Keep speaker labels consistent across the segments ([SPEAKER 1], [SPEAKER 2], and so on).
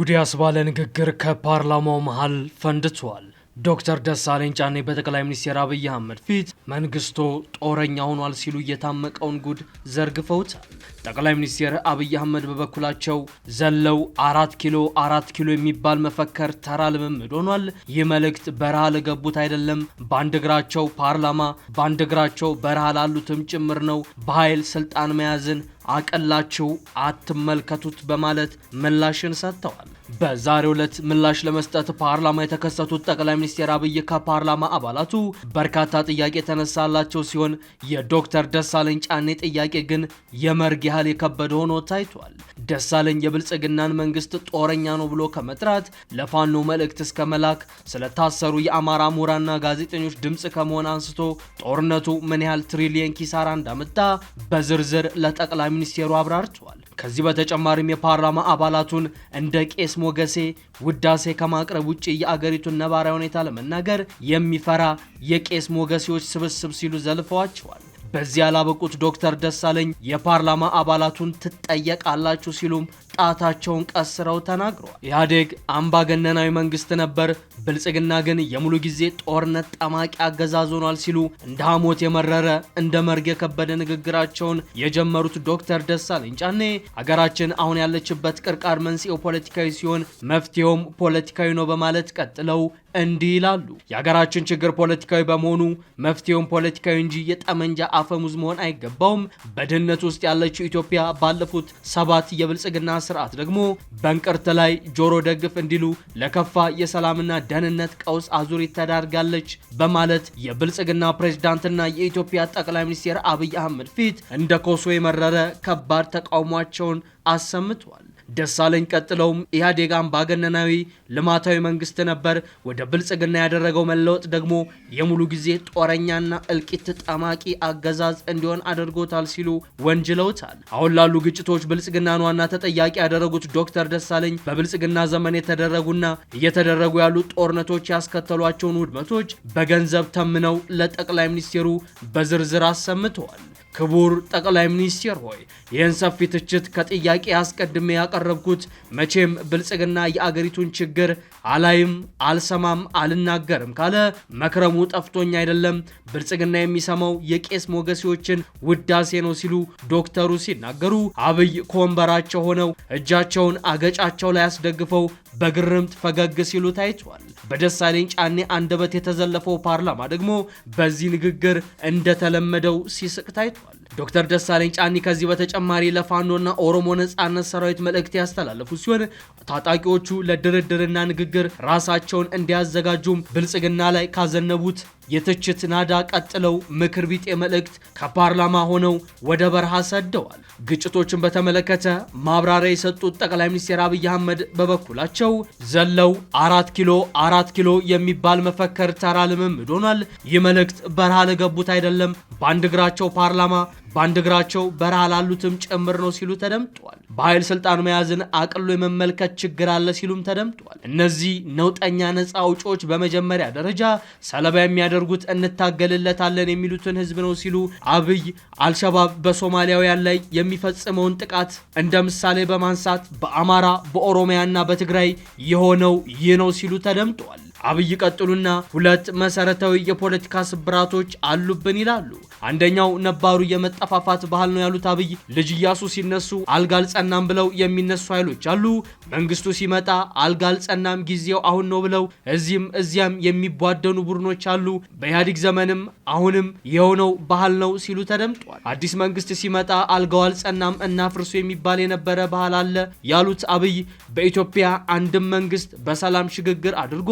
[SPEAKER 1] ጉድ ያስባለ ንግግር ከፓርላማው መሃል ፈንድቷል። ዶክተር ደሳለኝ ጫኔ በጠቅላይ ሚኒስትር አብይ አህመድ ፊት መንግስቶ ጦረኛ ሆኗል ሲሉ የታመቀውን ጉድ ዘርግፈውታል። ጠቅላይ ሚኒስትር አብይ አህመድ በበኩላቸው ዘለው አራት ኪሎ አራት ኪሎ የሚባል መፈከር ተራ ልምምድ ሆኗል። ይህ መልእክት በረሃ ለገቡት አይደለም፣ በአንድ እግራቸው ፓርላማ በአንድ እግራቸው በረሃ ላሉትም ጭምር ነው። በኃይል ስልጣን መያዝን አቀላችሁ አትመልከቱት በማለት ምላሽን ሰጥተዋል። በዛሬው ዕለት ምላሽ ለመስጠት ፓርላማ የተከሰቱት ጠቅላይ ሚኒስትር አብይ ከፓርላማ አባላቱ በርካታ ጥያቄ ተነሳላቸው ሲሆን የዶክተር ደሳለኝ ጫኔ ጥያቄ ግን የመርግ ያህል የከበደ ሆኖ ታይቷል። ደሳለኝ የብልጽግናን መንግስት ጦረኛ ነው ብሎ ከመጥራት ለፋኖ መልእክት እስከ መላክ ስለታሰሩ የአማራ ምሁራንና ጋዜጠኞች ድምፅ ከመሆን አንስቶ ጦርነቱ ምን ያህል ትሪሊየን ኪሳራ እንዳመጣ በዝርዝር ለጠቅላይ ሚኒስቴሩ አብራርተዋል። ከዚህ በተጨማሪም የፓርላማ አባላቱን እንደ ቄስ ሞገሴ ውዳሴ ከማቅረብ ውጭ የአገሪቱን ነባራዊ ሁኔታ ለመናገር የሚፈራ የቄስ ሞገሴዎች ስብስብ ሲሉ ዘልፈዋቸዋል። በዚህ ያላበቁት ዶክተር ደሳለኝ የፓርላማ አባላቱን ትጠየቃላችሁ ሲሉም ጣታቸውን ቀስረው ተናግረዋል። ኢህአዴግ አምባገነናዊ መንግስት ነበር፣ ብልጽግና ግን የሙሉ ጊዜ ጦርነት ጠማቂ አገዛዝ ሆኗል ሲሉ እንደ ሐሞት የመረረ እንደ መርግ የከበደ ንግግራቸውን የጀመሩት ዶክተር ደሳለኝ ጫኔ ሀገራችን አሁን ያለችበት ቅርቃር መንስኤው ፖለቲካዊ ሲሆን መፍትሄውም ፖለቲካዊ ነው በማለት ቀጥለው እንዲህ ይላሉ። የሀገራችን ችግር ፖለቲካዊ በመሆኑ መፍትሄውን ፖለቲካዊ እንጂ የጠመንጃ አፈሙዝ መሆን አይገባውም። በድህነት ውስጥ ያለችው ኢትዮጵያ ባለፉት ሰባት የብልጽግና ስርዓት ደግሞ በእንቅርት ላይ ጆሮ ደግፍ እንዲሉ ለከፋ የሰላምና ደህንነት ቀውስ አዙሪት ተዳርጋለች በማለት የብልጽግና ፕሬዝዳንትና የኢትዮጵያ ጠቅላይ ሚኒስትር አብይ አህመድ ፊት እንደ ኮሶ የመረረ ከባድ ተቃውሟቸውን አሰምቷል። ደሳለኝ ቀጥለውም ኢህአዴግ አምባገነናዊ ልማታዊ መንግስት ነበር፣ ወደ ብልጽግና ያደረገው መለወጥ ደግሞ የሙሉ ጊዜ ጦረኛና እልቂት ጠማቂ አገዛዝ እንዲሆን አድርጎታል ሲሉ ወንጅለውታል። አሁን ላሉ ግጭቶች ብልጽግናን ዋና ተጠያቂ ያደረጉት ዶክተር ደሳለኝ በብልጽግና ዘመን የተደረጉና እየተደረጉ ያሉ ጦርነቶች ያስከተሏቸውን ውድመቶች በገንዘብ ተምነው ለጠቅላይ ሚኒስቴሩ በዝርዝር አሰምተዋል። ክቡር ጠቅላይ ሚኒስትር ሆይ ይህን ሰፊ ትችት ከጥያቄ አስቀድሜ ያቀረብኩት መቼም ብልጽግና የአገሪቱን ችግር አላይም፣ አልሰማም፣ አልናገርም ካለ መክረሙ ጠፍቶኝ አይደለም፣ ብልጽግና የሚሰማው የቄስ ሞገሴዎችን ውዳሴ ነው ሲሉ ዶክተሩ ሲናገሩ፣ አብይ ከወንበራቸው ሆነው እጃቸውን አገጫቸው ላይ አስደግፈው በግርምት ፈገግ ሲሉ ታይቷል። በደሳለኝ ጫኔ አንደበት የተዘለፈው ፓርላማ ደግሞ በዚህ ንግግር እንደተለመደው ሲስቅ ታይቷል። fútbol. ዶክተር ደሳለኝ ጫኒ ከዚህ በተጨማሪ ለፋኖና ኦሮሞ ነጻነት ሰራዊት መልእክት ያስተላለፉ ሲሆን ታጣቂዎቹ ለድርድርና ንግግር ራሳቸውን እንዲያዘጋጁም ብልጽግና ላይ ካዘነቡት የትችት ናዳ ቀጥለው ምክር ቢጤ መልእክት ከፓርላማ ሆነው ወደ በረሃ ሰደዋል። ግጭቶችን በተመለከተ ማብራሪያ የሰጡት ጠቅላይ ሚኒስትር አብይ አህመድ በበኩላቸው ዘለው አራት ኪሎ አራት ኪሎ የሚባል መፈከር ተራ ልምምድ ሆኗል። ይህ መልእክት በረሃ ለገቡት አይደለም በአንድ እግራቸው ፓርላማ በአንድ እግራቸው በረሃ ላሉትም ጭምር ነው ሲሉ ተደምጧል። በኃይል ስልጣን መያዝን አቅሎ የመመልከት ችግር አለ ሲሉም ተደምጧል። እነዚህ ነውጠኛ ነፃ አውጪዎች በመጀመሪያ ደረጃ ሰለባ የሚያደርጉት እንታገልለታለን የሚሉትን ህዝብ ነው ሲሉ አብይ አልሸባብ በሶማሊያውያን ላይ የሚፈጽመውን ጥቃት እንደ ምሳሌ በማንሳት በአማራ በኦሮሚያና በትግራይ የሆነው ይህ ነው ሲሉ ተደምጧል። አብይ ቀጥሉና ሁለት መሰረታዊ የፖለቲካ ስብራቶች አሉብን ይላሉ። አንደኛው ነባሩ የመጠፋፋት ባህል ነው ያሉት አብይ ልጅ ያሱ ሲነሱ አልጋልጸናም ብለው የሚነሱ ኃይሎች አሉ። መንግስቱ ሲመጣ አልጋልጸናም ጊዜው አሁን ነው ብለው እዚህም እዚያም የሚቧደኑ ቡድኖች አሉ። በኢህአዴግ ዘመንም አሁንም የሆነው ባህል ነው ሲሉ ተደምጧል። አዲስ መንግስት ሲመጣ አልጋው አልጸናም እናፍርሱ የሚባል የነበረ ባህል አለ ያሉት አብይ በኢትዮጵያ አንድም መንግስት በሰላም ሽግግር አድርጎ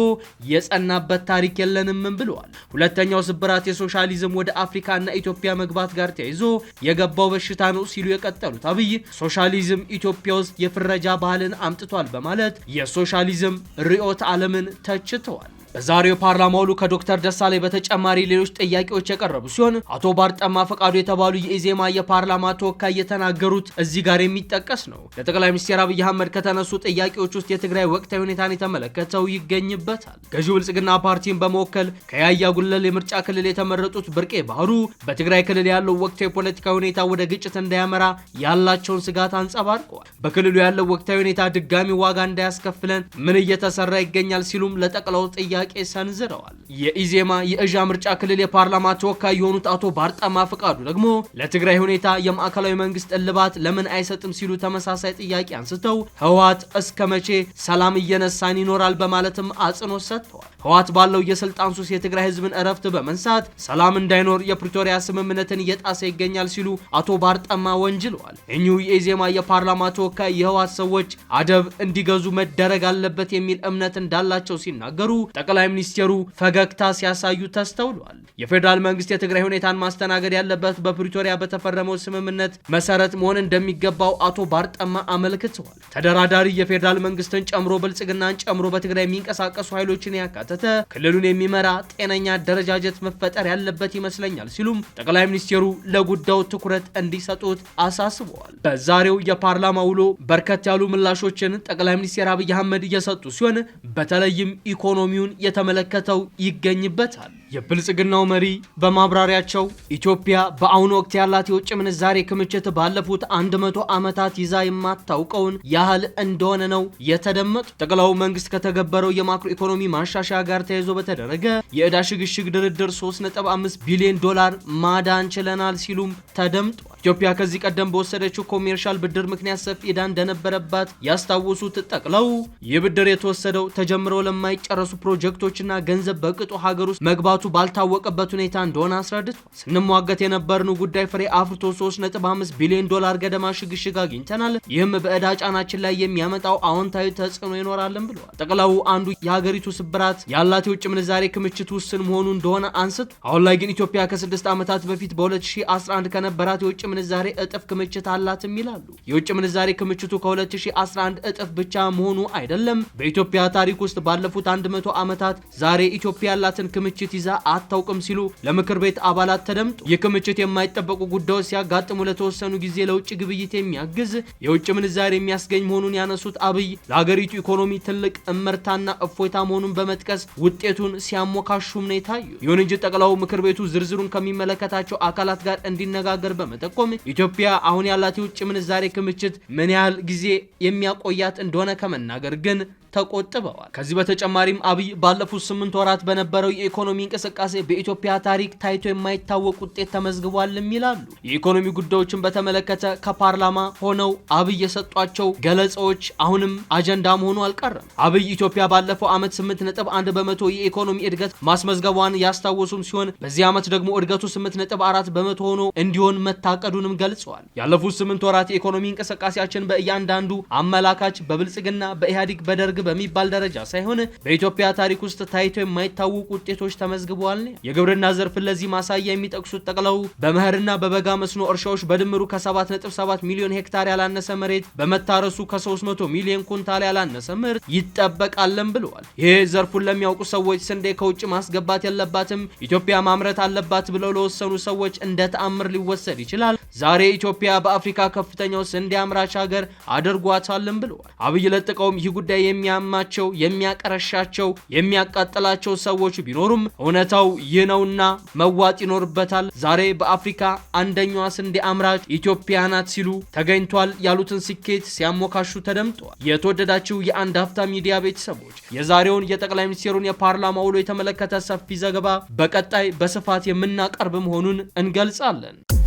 [SPEAKER 1] የጸናበት ታሪክ የለንምን ብለዋል። ሁለተኛው ስብራት የሶሻሊዝም ወደ አፍሪካና ኢትዮጵያ መግባት ጋር ተያይዞ የገባው በሽታ ነው ሲሉ የቀጠሉት አብይ ሶሻሊዝም ኢትዮጵያ ውስጥ የፍረጃ ባህልን አምጥቷል በማለት የሶሻሊዝም ርዕዮተ ዓለምን ተችተዋል። በዛሬው ፓርላማ ውሎ ከዶክተር ደሳለኝ በተጨማሪ ሌሎች ጥያቄዎች የቀረቡ ሲሆን አቶ ባርጠማ ፈቃዱ የተባሉ የኢዜማ የፓርላማ ተወካይ የተናገሩት እዚህ ጋር የሚጠቀስ ነው። ለጠቅላይ ሚኒስትር አብይ አህመድ ከተነሱ ጥያቄዎች ውስጥ የትግራይ ወቅታዊ ሁኔታን የተመለከተው ይገኝበታል። ገዢው ብልጽግና ፓርቲን በመወከል ከያያ ጉለል የምርጫ ክልል የተመረጡት ብርቄ ባህሩ በትግራይ ክልል ያለው ወቅታዊ የፖለቲካ ሁኔታ ወደ ግጭት እንዳያመራ ያላቸውን ስጋት አንጸባርቀዋል። በክልሉ ያለው ወቅታዊ ሁኔታ ድጋሚ ዋጋ እንዳያስከፍለን ምን እየተሰራ ይገኛል ሲሉም ለጠቅላው ጥያቄ ጥያቄ ሰንዝረዋል። የኢዜማ የእዣ ምርጫ ክልል የፓርላማ ተወካይ የሆኑት አቶ ባርጠማ ፍቃዱ ደግሞ ለትግራይ ሁኔታ የማዕከላዊ መንግስት እልባት ለምን አይሰጥም ሲሉ ተመሳሳይ ጥያቄ አንስተው ህወሓት እስከ መቼ ሰላም እየነሳን ይኖራል በማለትም አጽንኦት ሰጥተዋል። ህወሓት ባለው የስልጣን ሱስ የትግራይ ህዝብን እረፍት በመንሳት ሰላም እንዳይኖር የፕሪቶሪያ ስምምነትን እየጣሰ ይገኛል ሲሉ አቶ ባርጠማ ወንጅለዋል። እኚሁ የኢዜማ የፓርላማ ተወካይ የህወሓት ሰዎች አደብ እንዲገዙ መደረግ አለበት የሚል እምነት እንዳላቸው ሲናገሩ ጠቅላይ ሚኒስትሩ ፈገግታ ሲያሳዩ ተስተውሏል። የፌዴራል መንግስት የትግራይ ሁኔታን ማስተናገድ ያለበት በፕሪቶሪያ በተፈረመው ስምምነት መሰረት መሆን እንደሚገባው አቶ ባርጠማ አመልክተዋል። ተደራዳሪ የፌዴራል መንግስትን ጨምሮ ብልጽግናን ጨምሮ በትግራይ የሚንቀሳቀሱ ኃይሎችን ያካተተ ክልሉን የሚመራ ጤነኛ አደረጃጀት መፈጠር ያለበት ይመስለኛል ሲሉም ጠቅላይ ሚኒስትሩ ለጉዳዩ ትኩረት እንዲሰጡት አሳስበዋል። በዛሬው የፓርላማ ውሎ በርከት ያሉ ምላሾችን ጠቅላይ ሚኒስትር አብይ አህመድ እየሰጡ ሲሆን በተለይም ኢኮኖሚውን እየተመለከተው ይገኝበታል። የብልጽግናው መሪ በማብራሪያቸው ኢትዮጵያ በአሁኑ ወቅት ያላት የውጭ ምንዛሬ ክምችት ባለፉት 100 ዓመታት ይዛ የማታውቀውን ያህል እንደሆነ ነው የተደመጡ። ጠቅላው መንግስት ከተገበረው የማክሮ ኢኮኖሚ ማሻሻያ ጋር ተያይዞ በተደረገ የዕዳ ሽግሽግ ድርድር 3.5 ቢሊዮን ዶላር ማዳን ችለናል ሲሉም ተደምጧል። ኢትዮጵያ ከዚህ ቀደም በወሰደችው ኮሜርሻል ብድር ምክንያት ሰፊ ዕዳ እንደነበረባት ያስታወሱት ጠቅለው ይህ ብድር የተወሰደው ተጀምረው ለማይጨረሱ ፕሮጀክቶችና ገንዘብ በቅጡ ሀገር ውስጥ መግባቱ ባልታወቀበት ሁኔታ እንደሆነ አስረድቷል። ስንሟገት የነበርነው ጉዳይ ፍሬ አፍርቶ 3.5 ቢሊዮን ዶላር ገደማ ሽግሽግ አግኝተናል። ይህም በዕዳ ጫናችን ላይ የሚያመጣው አዎንታዊ ተጽዕኖ ይኖራልን ብለዋል። ጠቅላዩ አንዱ የሀገሪቱ ስብራት ያላት የውጭ ምንዛሬ ክምችት ውስን መሆኑ እንደሆነ አንስት አሁን ላይ ግን ኢትዮጵያ ከስድስት ዓመታት በፊት በ2011 ከነበራት የውጭ ምንዛሬ እጥፍ ክምችት አላትም ይላሉ። የውጭ ምንዛሬ ክምችቱ ከ2011 እጥፍ ብቻ መሆኑ አይደለም። በኢትዮጵያ ታሪክ ውስጥ ባለፉት 100 ዓመታት ዛሬ ኢትዮጵያ ያላትን ክምችት ይዛ አታውቅም ሲሉ ለምክር ቤት አባላት ተደምጡ። ይህ ክምችት የማይጠበቁ ጉዳዮች ሲያጋጥሙ ለተወሰኑ ጊዜ ለውጭ ግብይት የሚያግዝ የውጭ ምንዛሬ የሚያስገኝ መሆኑን ያነሱት አብይ ለሀገሪቱ ኢኮኖሚ ትልቅ እመርታና እፎይታ መሆኑን በመጥቀስ ውጤቱን ሲያሞካሹም ነው የታዩ። ይሁን እንጂ ጠቅላው ምክር ቤቱ ዝርዝሩን ከሚመለከታቸው አካላት ጋር እንዲነጋገር በመጠቆም በመጠቆም ኢትዮጵያ አሁን ያላት የውጭ ምንዛሬ ክምችት ምን ያህል ጊዜ የሚያቆያት እንደሆነ ከመናገር ግን ተቆጥበዋል። ከዚህ በተጨማሪም አብይ ባለፉት ስምንት ወራት በነበረው የኢኮኖሚ እንቅስቃሴ በኢትዮጵያ ታሪክ ታይቶ የማይታወቅ ውጤት ተመዝግቧልም ይላሉ። የኢኮኖሚ ጉዳዮችን በተመለከተ ከፓርላማ ሆነው አብይ የሰጧቸው ገለጻዎች አሁንም አጀንዳ መሆኑ አልቀረም። አብይ ኢትዮጵያ ባለፈው ዓመት አንድ በመቶ የኢኮኖሚ እድገት ማስመዝገቧን ያስታወሱም ሲሆን በዚህ ዓመት ደግሞ እድገቱ አራት በመቶ ሆኖ እንዲሆን መታቀዱንም ገልጸዋል። ያለፉት ስምንት ወራት የኢኮኖሚ እንቅስቃሴያችን በእያንዳንዱ አመላካች በብልጽግና፣ በኢህአዴግ፣ በደርግ በሚባል ደረጃ ሳይሆን በኢትዮጵያ ታሪክ ውስጥ ታይቶ የማይታወቁ ውጤቶች ተመዝግበዋል። የግብርና ዘርፍን ለዚህ ማሳያ የሚጠቅሱት ጠቅለው በመኸርና በበጋ መስኖ እርሻዎች በድምሩ ከ7.7 ሚሊዮን ሄክታር ያላነሰ መሬት በመታረሱ ከ300 ሚሊዮን ኩንታል ያላነሰ ምርት ይጠበቃለን ብለዋል። ይህ ዘርፉን ለሚያውቁ ሰዎች ስንዴ ከውጭ ማስገባት የለባትም ኢትዮጵያ ማምረት አለባት ብለው ለወሰኑ ሰዎች እንደ ተአምር ሊወሰድ ይችላል። ዛሬ ኢትዮጵያ በአፍሪካ ከፍተኛው ስንዴ አምራች ሀገር አድርጓታልም ብለዋል። አብይ ለጥቀውም ይህ ጉዳይ የሚያ የሚያማቸው የሚያቀረሻቸው የሚያቃጥላቸው ሰዎች ቢኖሩም እውነታው ይህ ነውና መዋጥ ይኖርበታል። ዛሬ በአፍሪካ አንደኛዋ ስንዴ አምራች ኢትዮጵያ ናት ሲሉ ተገኝቷል ያሉትን ስኬት ሲያሞካሹ ተደምጧል። የተወደዳችው የአንድ ሀፍታ ሚዲያ ቤተሰቦች የዛሬውን የጠቅላይ ሚኒስትሩን የፓርላማ ውሎ የተመለከተ ሰፊ ዘገባ በቀጣይ በስፋት የምናቀርብ መሆኑን እንገልጻለን።